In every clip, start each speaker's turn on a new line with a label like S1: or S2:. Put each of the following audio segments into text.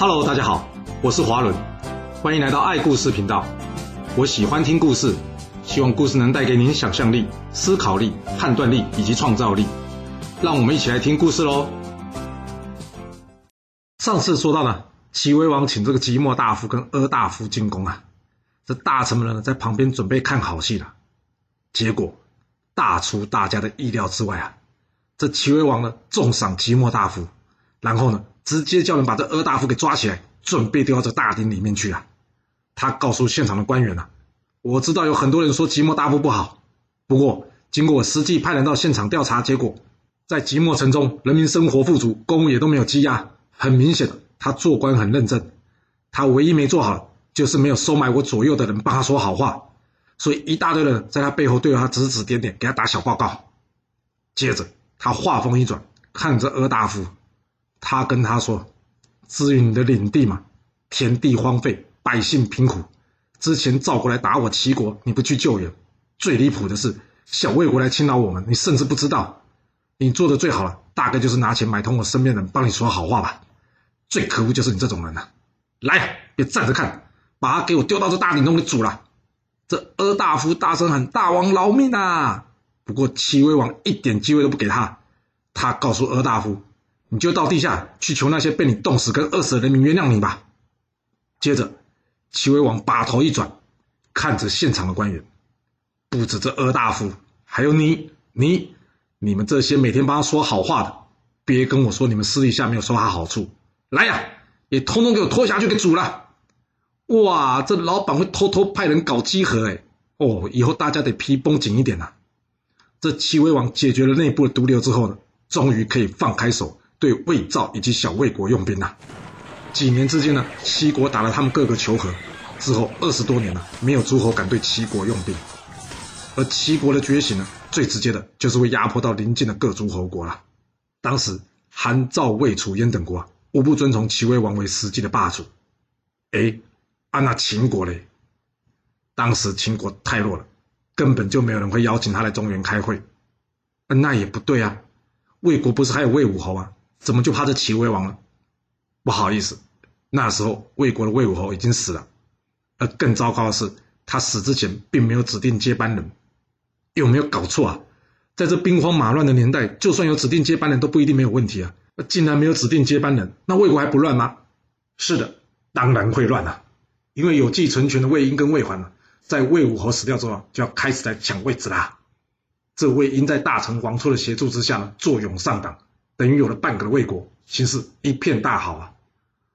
S1: Hello，大家好，我是華倫，歡迎來到愛故事頻道。我喜歡聽故事，希望故事能帶給您想象力、思考力、判斷力以及創造力。讓我們一起來聽故事嘍。上次說到呢，齊威王請這個即墨大夫跟阿大夫進宮啊，這大臣們呢，在旁邊準備看好戲了。結果大出大家的意料之外啊，這齊威王呢重賞即墨大夫，然後呢，直接叫人把這阿大夫給抓起來，準備丟到這大鼎裡面去啊！他告訴現場的官員吶、啊，我知道有很多人說即墨大夫不好，不過經過我實際派人到現場調查，結果在即墨城中，人民生活富足，公務也都沒有積壓。很明顯的，他做官很認真，他唯一沒做好就是沒有收買我左右的人幫他說好話，所以一大堆的人在他背後對他指指點點，給他打小報告。接着他話鋒一轉，看着阿大夫。他跟他說：“至於你的領地嘛，田地荒廢，百姓貧苦。之前趙國來打我齊國，你不去救援。最離譜的是，小魏國來侵擾我們，你甚至不知道。你做的最好了，大概就是拿錢買通我身邊人，幫你說好話吧。最可惡就是你這種人了啊。來，別站着看，把他給我丟到這大鼎中裡煮了。”這阿大夫大聲喊：“大王饒命啊！”不過齊威王一點機會都不給他。他告訴阿大夫，你就到地下去求那些被你凍死跟餓死的人民原諒你吧。接着，齊威王把頭一轉，看着現場的官員，不止這二大夫，還有你，你，你們這些每天幫他說好話的，別跟我說你們私底下沒有收他好處。來呀、啊，也通通給我拖下去給煮了。哇，這老闆會偷偷派人搞稽核哎。哦，以後大家得皮繃緊一點吶、啊。這齊威王解決了內部的毒瘤之後呢，終於可以放開手。對魏趙以及小衛國用兵啊，幾年之間呢，齊國打了他們各個求和，之後二十多年呢、啊，沒有諸侯敢對齊國用兵，而齊國的覺醒呢，最直接的就是會壓迫到鄰近的各諸侯國了。當時韓趙魏楚燕等國啊，無不遵從齊威王為實際的霸主。哎，啊，那秦國嘞？當時秦國太弱了，根本就沒有人會邀請他來中原開會。啊、那也不對啊，魏國不是還有魏武侯啊？怎麼就怕這齊威王了？不好意思，那時候魏國的魏武侯已經死了，而更糟糕的是，他死之前並沒有指定接班人。有沒有搞錯啊？在這兵荒馬亂的年代，就算有指定接班人都不一定沒有問題啊！那既然沒有指定接班人，那魏國還不亂嗎？是的，當然會亂了、啊，因為有繼承權的魏嬰跟魏桓呢，在魏武侯死掉之後就要開始在搶位置啦。這魏嬰在大臣王錯的協助之下呢，坐擁上黨。等於有了半個的魏國，形勢一片大好啊！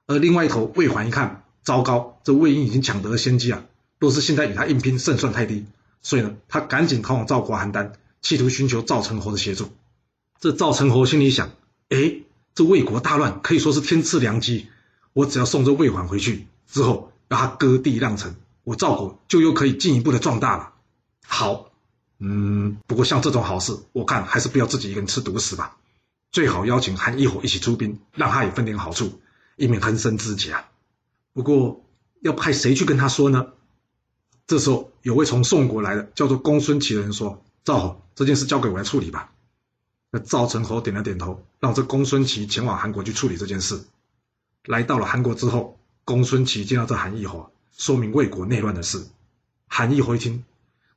S1: 而另外一頭魏緩一看，糟糕，這魏罃已經搶得了先機啊！若是現在與他硬拼，勝算太低，所以呢，他趕緊逃往趙國邯鄲，企圖尋求趙成侯的協助。這趙成侯心裡想：誒，這魏國大亂，可以說是天賜良機，我只要送這魏緩回去之後，讓他割地讓城，我趙國就又可以進一步的壯大了。好，嗯，不過像這種好事，我看還是不要自己一個人吃獨食吧。最好邀請韓懿侯一起出兵，讓他也分點好處，以免橫生枝節啊。不過要派誰去跟他說呢？這時候有位從宋國來的叫做公孫齊的人說：“趙侯，這件事交給我來處理吧。”那趙成侯點了點頭，讓這公孫齊前往韓國去處理這件事。來到了韓國之後，公孫齊見到這韓懿侯，說明魏國內亂的事。韓懿侯一聽，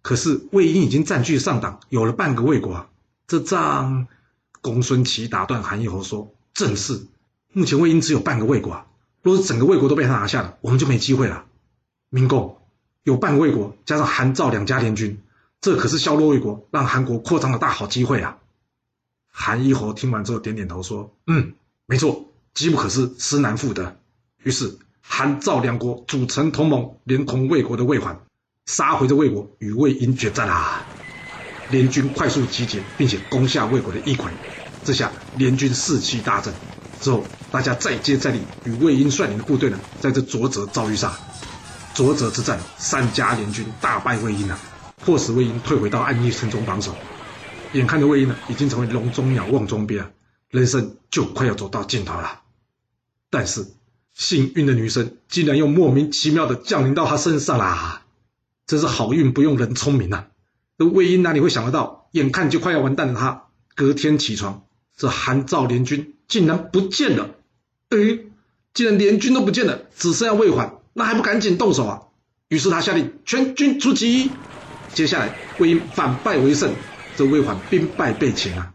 S1: 可是魏嬰已經占據上黨，有了半個魏國，這仗。公孫頎打斷韓懿侯說：“正是，目前魏罃只有半個魏國，若是整個魏國都被他拿下了，我們就沒機會了。明公有半個魏國，加上韓趙兩家聯軍，這可是削弱魏國、讓韓國擴張的大好機會啊！”韓懿侯聽完之後點點頭說：“嗯，沒錯，機不可失，失難復得。”於是韓趙兩國組成同盟，連同魏國的魏緩，殺回了魏國，與魏罃決戰啊！聯軍快速集結，並且攻下魏國的一塊，這下聯軍士氣大振。之後，大家再接再厲，與魏罃率領的部隊呢，在這濁澤遭遇上，濁澤之戰，三家聯軍大敗魏罃啊，迫使魏罃退回到安邑城中防守。眼看着魏罃呢、啊，已經成為籠中鳥、瓮中鱉啊，人生就快要走到盡頭了。但是，幸運的女神竟然又莫名其妙的降臨到他身上啦！真是好運不用人聰明啊。這魏嬰哪裡會想得到？眼看就快要完蛋的他，隔天起床，這韓趙聯軍竟然不見了！哎，既然聯軍都不見了，只剩下魏緩，那還不趕緊動手啊？於是他下令全軍出擊。接下來，魏嬰反敗為勝，這魏緩兵敗被擒啊！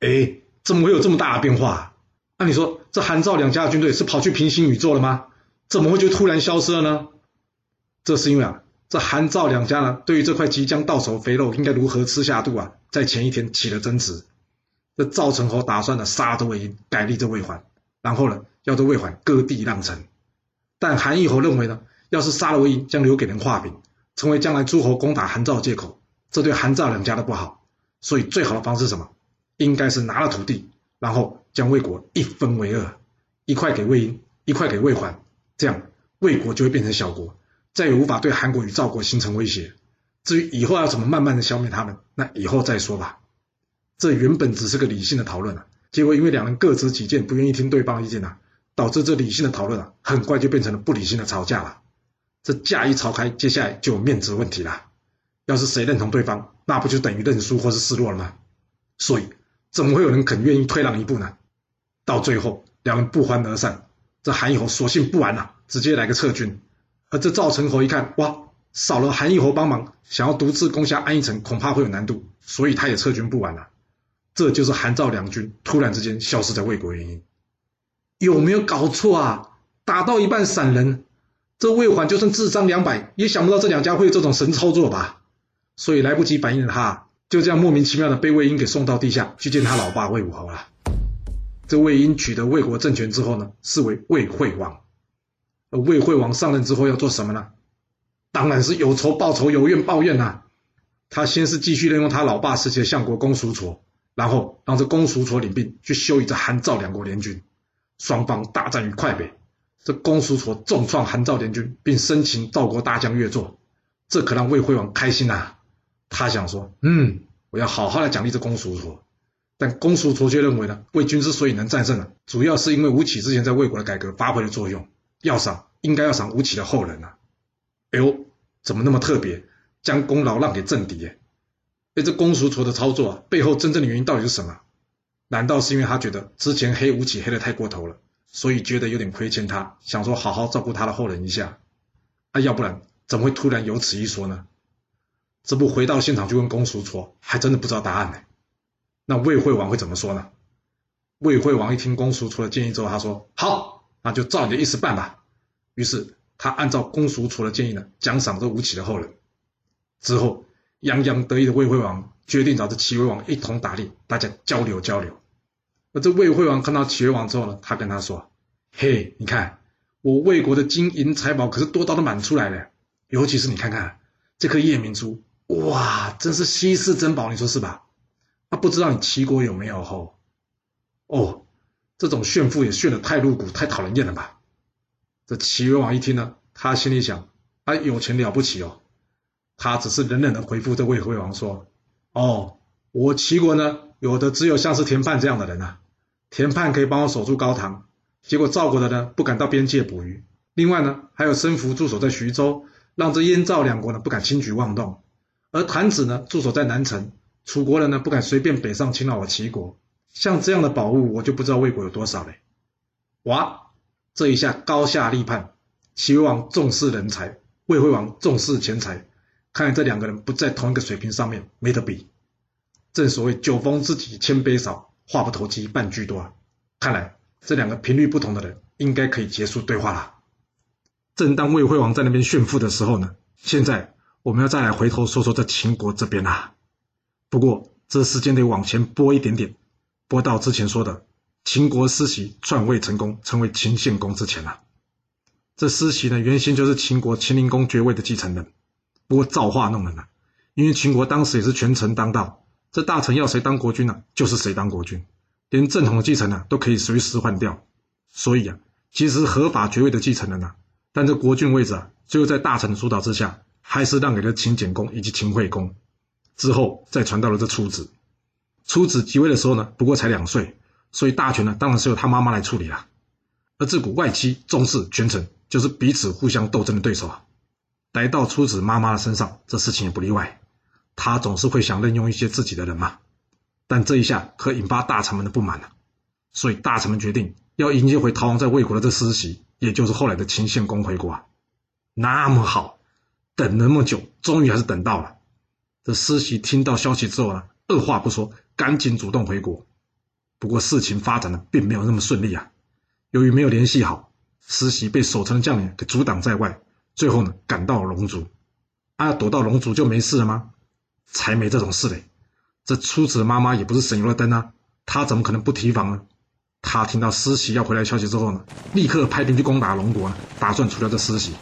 S1: 哎，怎麼會有這麼大的變化、啊？那、啊、你說，這韓趙兩家的軍隊是跑去平行宇宙了嗎？怎麼會就突然消失了呢？這是因為啊。這韓趙兩家呢，對於這塊即將到手肥肉，應該如何吃下肚啊？在前一天起了爭執。這趙成侯打算呢，殺掉魏嬰，改立這魏桓，然後呢，要這魏桓割地讓城。但韓懿侯認為呢，要是殺了魏嬰，將留給人畫餅，成為將來諸侯攻打韓趙借口，這對韓趙兩家都不好。所以最好的方式是什麼？應該是拿了土地，然後將魏國一分為二，一塊給魏嬰，一塊給魏桓，這樣魏國就會變成小國。再也無法對韓國與趙國形成威脅。至於以後要怎麼慢慢的消滅他們，那以後再說吧。這原本只是個理性的討論啊，結果因為兩人各執己見，不願意聽對方的意見吶，導致這理性的討論啊，很快就變成了不理性的吵架了。這架一吵開，接下來就有面子問題了。要是誰認同對方，那不就等於認輸或是示弱了嗎？所以怎麼會有人肯願意退讓一步呢？到最後，兩人不歡而散。這韓懿侯索性不玩了啊，直接來個撤軍。而這趙成侯一看，哇，少了韓懿侯幫忙，想要獨自攻下安邑城，恐怕會有難度，所以他也撤軍不玩了啊。這就是韓趙兩軍突然之間消失在魏國原因。有沒有搞錯啊？打到一半散人，這魏緩就算智商兩百，也想不到這兩家會有這種神操作吧？所以來不及反應的他，就這樣莫名其妙的被魏嬰給送到地下去見他老爸魏武侯了。這魏嬰取得魏國政權之後呢，是為魏惠王。而魏惠王上任之後要做什麼呢？當然是有仇報仇，有怨報怨吶、啊。他先是繼續任用他老爸時期的相國公叔痤，然後讓這公叔痤領兵去修理這韓趙兩國聯軍，雙方大戰於澮北。這公叔痤重創韓趙聯軍，並生擒趙國大將樂祚，這可讓魏惠王開心吶、啊。他想說：“嗯，我要好好的獎勵這公叔痤。”但公叔痤卻認為呢，魏軍之所以能戰勝啊，主要是因為吳起之前在魏國的改革發揮了作用。要賞，應該要賞吳起的後人啊！哎呦，怎麼那麼特別，將功勞讓給政敵誒？哎，這公叔痤的操作啊，背後真正的原因到底是什麼？難道是因為他覺得之前黑吳起黑得太過頭了，所以覺得有點虧欠他，想說好好照顧他的後人一下？那、啊、要不然怎麼會突然有此一說呢？這不回到現場去問公叔痤，還真的不知道答案呢。那魏惠王會怎麼說呢？魏惠王一聽公叔痤的建議之後，他說：“好。”那就照你的意思辦吧。於是他按照公叔痤的建議呢，獎賞這吳起的後人。之後洋洋得意的魏惠王決定找這齊威王一同打獵，大家交流交流。而這魏惠王看到齊威王之後呢，他跟他說：“嘿，你看我魏國的金銀財寶可是多到的滿出來了，尤其是你看看這顆夜明珠，哇，真是稀世珍寶，你說是吧？”他、啊、不知道你齊國有沒有後哦。這種炫富也炫得太露骨、太討人厭了吧？這齊威王一聽呢，他心裡想，哎，有錢了不起哦！他只是冷冷的回復這位惠王說：“哦，我齊國呢，有的只有像是田盼這樣的人吶、啊。田盼可以幫我守住高唐，結果趙國的呢不敢到邊界捕魚。另外呢，還有申福駐守在徐州，讓這燕趙兩國呢不敢輕舉妄動；而譚子呢駐守在南城，楚國人呢不敢隨便北上侵擾我齊國。”像這樣的寶物，我就不知道魏國有多少嘞。哇，這一下高下立判。齊威王重視人才，魏惠王重視錢財。看來這兩個人不在同一個水平上面，沒得比。正所謂酒逢知己千杯少，話不投機半句多啊。看來這兩個頻率不同的人，應該可以結束對話了。正當魏惠王在那邊炫富的時候呢，現在我們要再來回頭說說這秦國這邊啊。不過這時間得往前撥一點點。播到之前說的秦國師隰篡位成功，成為秦獻公之前啊，這師隰呢，原先就是秦國秦靈公爵位的繼承人，不過造化弄人啊，因為秦國當時也是權臣當道，這大臣要誰當國君呢、啊，就是誰當國君，連正統的繼承呢、啊、都可以隨時換掉，所以啊，其實合法爵位的繼承人呢、啊，但這國君位置啊，最後在大臣的主導之下，還是讓給了秦簡公以及秦惠公，之後再傳到了這出子。初子即位的時候呢，不過才兩歲，所以大權呢當然是由他媽媽來處理了、啊。而自古外戚、宗室、權臣就是彼此互相鬥爭的對手啊。來到初子媽媽的身上，這事情也不例外。他總是會想任用一些自己的人嘛。但這一下可引發大臣們的不滿了、啊。所以大臣們決定要迎接回逃亡在魏國的這師隰，也就是後來的秦獻公回國啊。那麼好，等了那麼久，終於還是等到了。這師隰聽到消息之後呢，二話不說，趕緊主動回國。不過事情發展的並沒有那麼順利啊！由於沒有聯繫好，師隰被守城的將領給阻擋在外。最後呢，趕到了龍族，啊，躲到龍族就沒事了嗎？才沒這種事嘞！這出子的媽媽也不是省油的燈啊，她怎麼可能不提防呢？她聽到師隰要回來的消息之後呢，立刻派兵去攻打龍國呢，打算除掉這師隰。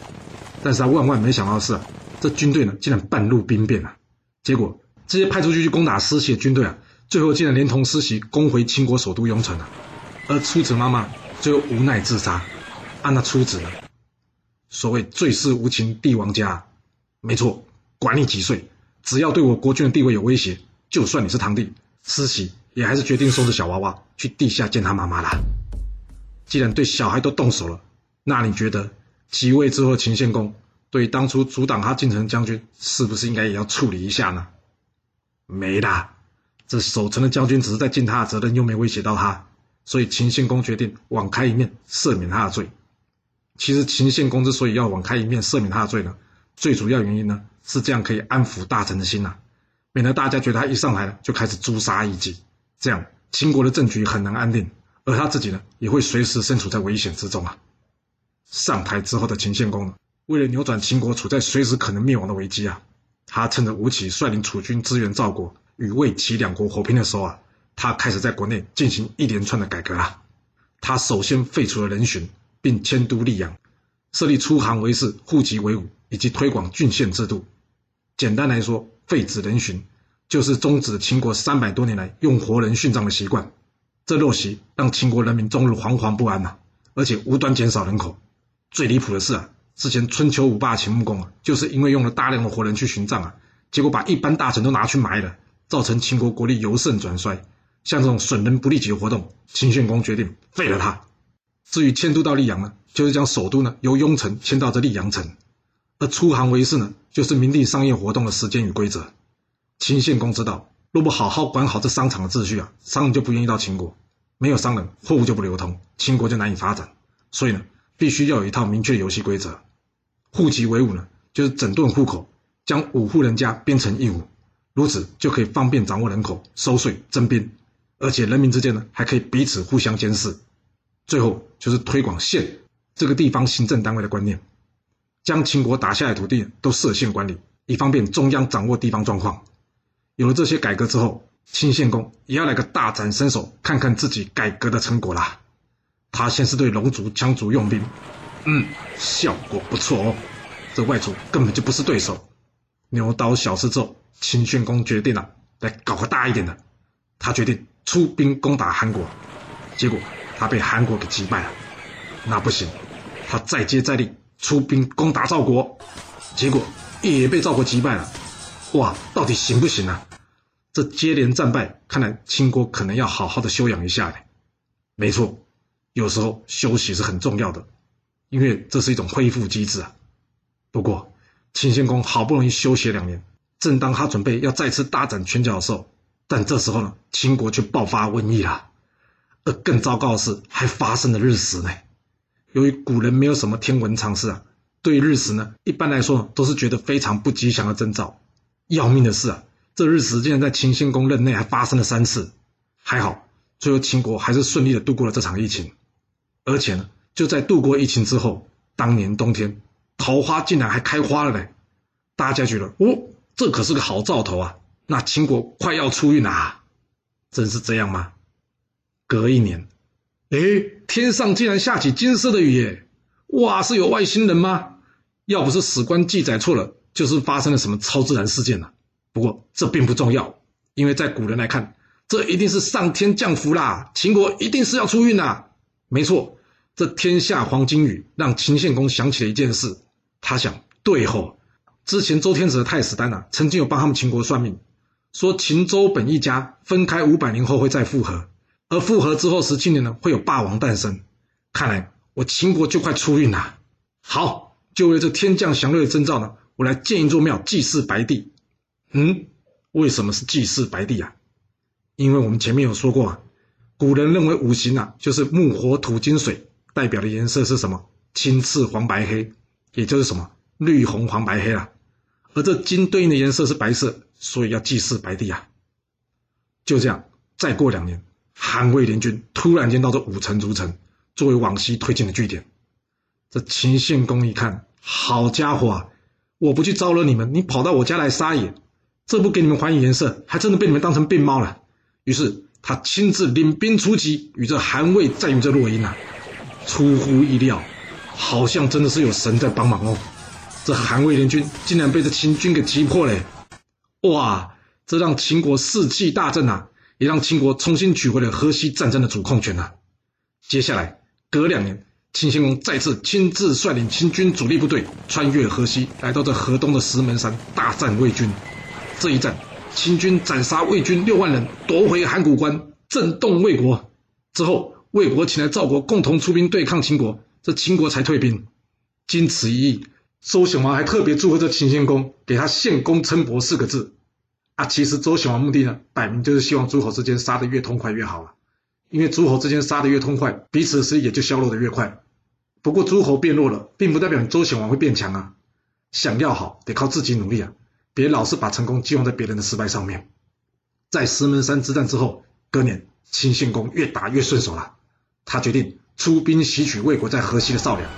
S1: 但是她萬萬沒想到的是啊，這軍隊呢，竟然半路兵變了啊，結果。直接派出去去攻打師隰的軍隊啊，最後竟然連同師隰攻回秦國首都雍城了，啊，而出子媽媽最後無奈自殺。按、啊、那出子呢，所謂最是無情帝王家，啊，沒錯，管你幾歲，只要對我國君的地位有威脅，就算你是堂弟，師隰也還是決定收拾小娃娃去地下見他媽媽了。既然對小孩都動手了，那你覺得即位之後的秦獻公對當初阻擋他進城的將軍，是不是應該也要處理一下呢？沒啦，這守城的將軍只是在盡他的責任，又沒威脅到他，所以秦獻公決定網開一面，赦免他的罪。其實秦獻公之所以要網開一面赦免他的罪呢，最主要原因呢是這樣可以安撫大臣的心吶啊，免得大家覺得他一上台就開始誅殺異己，這樣秦國的政局很難安定，而他自己呢也會隨時身處在危險之中啊。上台之後的秦獻公呢，為了扭轉秦國處在隨時可能滅亡的危機啊。他趁着吳起率領楚軍支援趙國與魏、齊兩國火拼的時候啊，他開始在國內進行一連串的改革啊。他首先廢除了人殉，並遷都櫟陽，設立出行為市、戶籍為伍，以及推廣郡縣制度。簡單來說，廢止人殉就是終止秦國三百多年來用活人殉葬的習慣。這陋習讓秦國人民終日惶惶不安吶、啊，而且無端減少人口。最離譜的是啊。之前春秋五霸秦穆公啊，就是因為用了大量的活人去尋葬啊，結果把一般大臣都拿去埋了，造成秦國國力由盛轉衰。像這種損人不利己的活動，秦獻公決定廢了他。至於遷都到溧陽呢，就是將首都呢由雍城遷到這溧陽城。而出行為事呢，就是明定商業活動的時間與規則。秦獻公知道，若不好好管好這商場的秩序啊，商人就不願意到秦國，沒有商人，貨物就不流通，秦國就難以發展。所以呢。必須要有一套明確的遊戲規則。戶籍為伍呢，就是整頓戶口，將五戶人家編成一伍，如此就可以方便掌握人口、收稅、徵兵，而且人民之間呢還可以彼此互相監視。最後就是推廣縣這個地方行政單位的觀念，將秦國打下來的土地都設縣管理，以方便中央掌握地方狀況。有了這些改革之後，秦獻公也要來個大展身手，看看自己改革的成果啦。他先是對龍族、羌族用兵，嗯，效果不錯哦。這外族根本就不是對手。牛刀小試之後，秦宣公決定了，來搞個大一點的。他決定出兵攻打韓國，結果他被韓國給擊敗了。那不行，他再接再厲，出兵攻打趙國，結果也被趙國擊敗了。哇，到底行不行啊？這接連戰敗，看來秦國可能要好好的休養一下了。沒錯。有時候休息是很重要的，因為這是一種恢復機製啊。不過秦獻公好不容易休息兩年，正當他準備要再次大展拳腳的時候，但這時候呢，秦國卻爆發瘟疫了。而更糟糕的是，還發生了日食呢。由於古人沒有什麼天文常識啊，對於日食呢，一般來說呢都是覺得非常不吉祥的徵兆。要命的是啊，這日食竟然在秦獻公任內還發生了三次。還好，最後秦國還是順利的度過了這場疫情。而且呢，就在度過疫情之後，當年冬天，桃花竟然還開花了嘞！大家覺得，哦，這可是個好兆頭啊！那秦國快要出運啊！真是這樣嗎？隔一年，哎，天上竟然下起金色的雨耶！哇，是有外星人嗎？要不是史官記載錯了，就是發生了什麼超自然事件了啊。不過這並不重要，因為在古人來看，這一定是上天降福啦，秦國一定是要出運啦啊。沒錯，這天下黃金雨讓秦獻公想起了一件事，他想，對吼，之前周天子的太史丹吶、啊，曾經有幫他們秦國算命，說秦周本一家分開五百年後會再復合，而復合之後十七年呢會有霸王誕生，看來我秦國就快出運了，好，就為這天降祥瑞的徵兆呢，我來建一座廟祭祀白帝。嗯，為什麼是祭祀白帝啊？因為我們前面有說過。啊。古人認為五行啊，就是木、火、土、金、水，代表的顏色是什麼？青、赤、黃、白、黑，也就是什麼綠、紅、黃、白、黑啊。而這金對應的顏色是白色，所以要祭祀白帝啊。就這樣，再過兩年，韓魏聯軍突然間到這武城、儒城作為往西推進的據點。這秦獻公一看，好家伙啊！我不去招惹你們，你跑到我家來撒野，這不給你們還以顏色，還真的被你們當成病貓了。於是。他親自領兵出擊，與這韓魏戰於這洛陰啊，出乎意料，好像真的是有神在幫忙哦。這韓魏聯軍竟然被這秦軍給擊破嘞！哇，這讓秦國士氣大振啊，也讓秦國重新取回了河西戰爭的主控權吶、啊。接下來，隔兩年，秦獻公再次親自率領秦軍主力部隊穿越河西，來到這河東的石門山大戰魏軍。這一戰。秦軍斬殺魏軍六萬人，奪回函谷關，震動魏國。之後，魏國請來趙國共同出兵對抗秦國，這秦國才退兵。經此一役，周顯王還特別祝賀這秦獻公，給他獻功稱伯四個字。啊，其實周顯王目的呢，擺明就是希望諸侯之間殺得越痛快越好啊，因為諸侯之間殺得越痛快，彼此勢力也就削弱得越快。不過諸侯變弱了，並不代表你周顯王會變強啊，想要好，得靠自己努力啊。別老是把成功寄望在別人的失敗上面。在石門山之戰之後，隔年，秦獻公越打越順手了。他決定出兵襲取魏國在河西的少梁，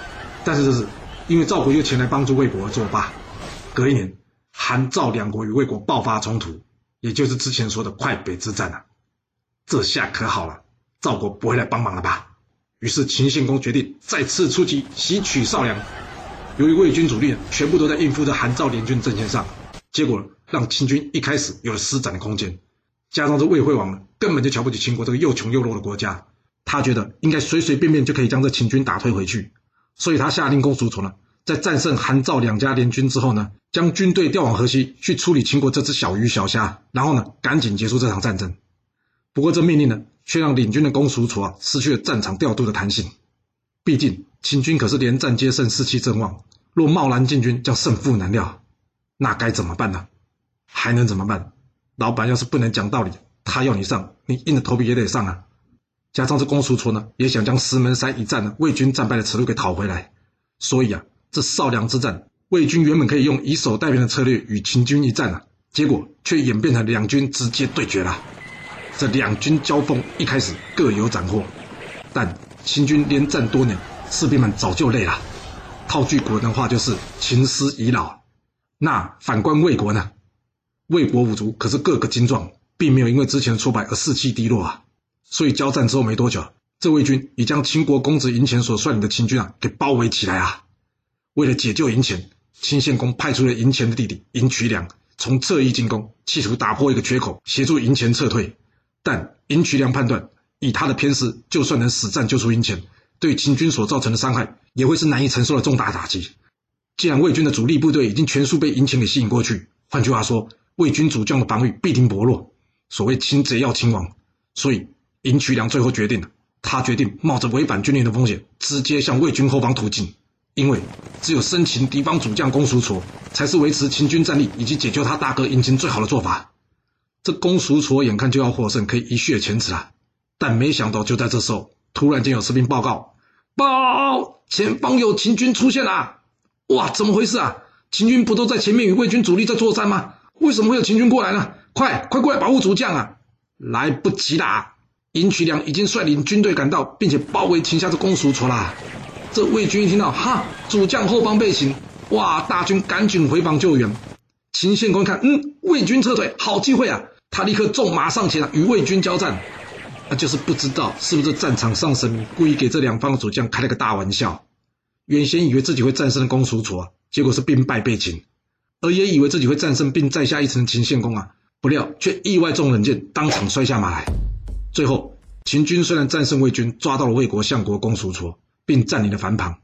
S1: 但是這是因為趙國又前來幫助魏國而作罷。隔一年，韓趙兩國與魏國爆發衝突，也就是之前說的快北之戰了啊。這下可好了，趙國不會來幫忙了吧？於是秦獻公決定再次出擊襲取少梁。由於魏軍主力全部都在應付着韓趙聯軍陣線上。結果讓秦軍一開始有了施展的空間，加上這魏惠王呢，根本就瞧不起秦國這個又窮又弱的國家，他覺得應該隨隨便便，便就可以將這秦軍打退回去，所以他下令公叔痤呢，在戰勝韓趙兩家聯軍之後呢，將軍隊調往河西去處理秦國這隻小魚小蝦，然後呢，趕緊結束這場戰爭。不過這命令呢，卻讓領軍的公叔痤啊失去了戰場調度的彈性，畢竟秦軍可是連戰皆勝，士氣正旺，若貿然進軍，將勝負難料。那該怎麼辦呢、啊？還能怎麼辦？老板要是不能講道理，他要你上，你硬着頭皮也得上啊！加上這公叔痤呢，也想將石門山一戰呢、啊、魏軍戰敗的恥辱給討回來。所以啊，這少梁之戰，魏軍原本可以用以守待變的策略與秦軍一戰啊，結果卻演變成兩軍直接對決了。這兩軍交鋒一開始各有斬獲，但秦軍連戰多年，士兵們早就累了。套句古人的話，就是“秦師已老”。那反觀魏國呢？魏國武卒可是個個精壯，並沒有因為之前的挫敗而士氣低落啊。所以交戰之後沒多久，這魏軍已將秦國公子嬴虔所率領的秦軍啊給包圍起來啊。為了解救嬴虔，秦獻公派出了嬴虔的弟弟嬴渠梁從側翼進攻，企圖打破一個缺口，協助嬴虔撤退。但嬴渠梁判斷，以他的偏師，就算能死戰救出嬴虔，對秦軍所造成的傷害也會是難以承受的重大打擊。既然魏軍的主力部隊已經全數被嬴虔給吸引過去，換句話說，魏軍主將的防禦必定薄弱。所謂擒賊要擒王，所以嬴渠梁最後決定了，他決定冒着違反軍令的風險，直接向魏軍後方突進。因為只有生擒敵方主將公叔痤，才是維持秦軍戰力以及解救他大哥嬴虔最好的做法。這公叔痤眼看就要獲勝，可以一雪前恥了。但沒想到，就在這時候，突然間有士兵報告：報，前方有秦軍出現啦！哇，怎麼回事啊？秦軍不都在前面與魏軍主力在作戰嗎？為什麼會有秦軍過來呢？快，快過來保護主將啊！來不及啦、啊。嬴渠梁已經率領軍隊趕到，並且包圍秦下的公叔痤啦。這魏軍一聽到，哈，主將後方被襲，哇，大軍趕緊回防救援。秦獻公看，嗯，魏軍撤退，好機會啊！他立刻縱馬上前與魏軍交戰，那、啊、就是不知道是不是戰場上神故意給這兩方的主將開了個大玩笑。原先以為自己會戰勝的公叔痤啊，結果是兵敗被擒；而也以為自己會戰勝並再下一城秦獻公啊，不料卻意外中冷箭，當場摔下馬來。最後，秦軍雖然戰勝魏軍，抓到了魏國相國公叔痤，並佔領了繁龐，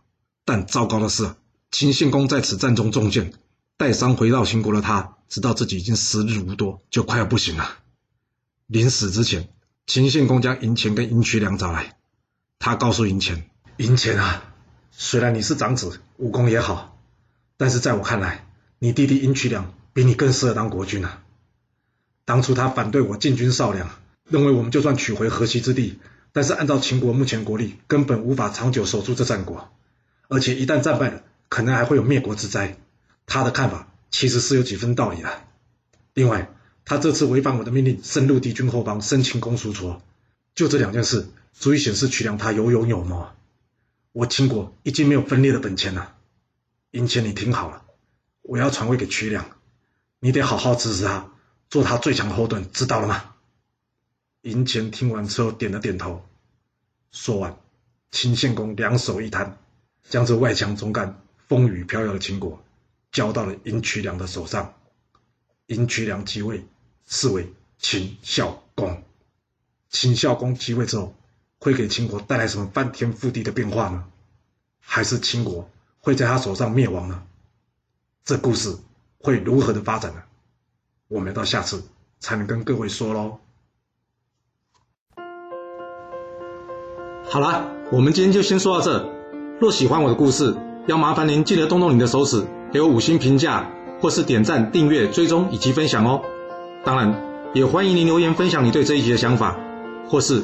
S1: 但糟糕的是，秦獻公在此戰中中箭，帶傷回到秦國的他，知道自己已經時日無多，就快要不行了。臨死之前，秦獻公將嬴虔跟嬴渠梁找來，他告訴嬴虔：“嬴虔啊！”雖然你是長子，武功也好，但是在我看來，你弟弟嬴渠梁比你更適合當國君啊。當初他反對我進軍少梁，認為我們就算取回河西之地，但是按照秦國目前國力，根本無法長久守住這戰果，而且一旦戰敗了，可能還會有滅國之災。他的看法其實是有幾分道理的啊。另外，他這次違反我的命令，深入敵軍後方生擒公叔痤，就這兩件事，足以顯示渠梁他有勇有謀。我秦國已經沒有分裂的本錢了，嬴虔，你聽好了，我要傳位給渠梁，你得好好支持他，做他最強的後盾，知道了嗎？嬴虔聽完之後點了點頭。說完，秦獻公兩手一攤，將這外強中乾、風雨飄搖的秦國交到了嬴渠梁的手上。嬴渠梁即位，是為秦孝公。秦孝公即位之後。會給秦國帶來什麼翻天覆地的變化呢？還是秦國會在他手上滅亡呢？這故事會如何的發展呢？我們到下次才能跟各位說嘍。好啦，我們今天就先說到這。若喜歡我的故事，要麻煩您記得動動您的手指，給我五星評價，或是點讚、訂閱、追蹤以及分享哦。當然，也歡迎您留言分享你對這一集的想法，或是。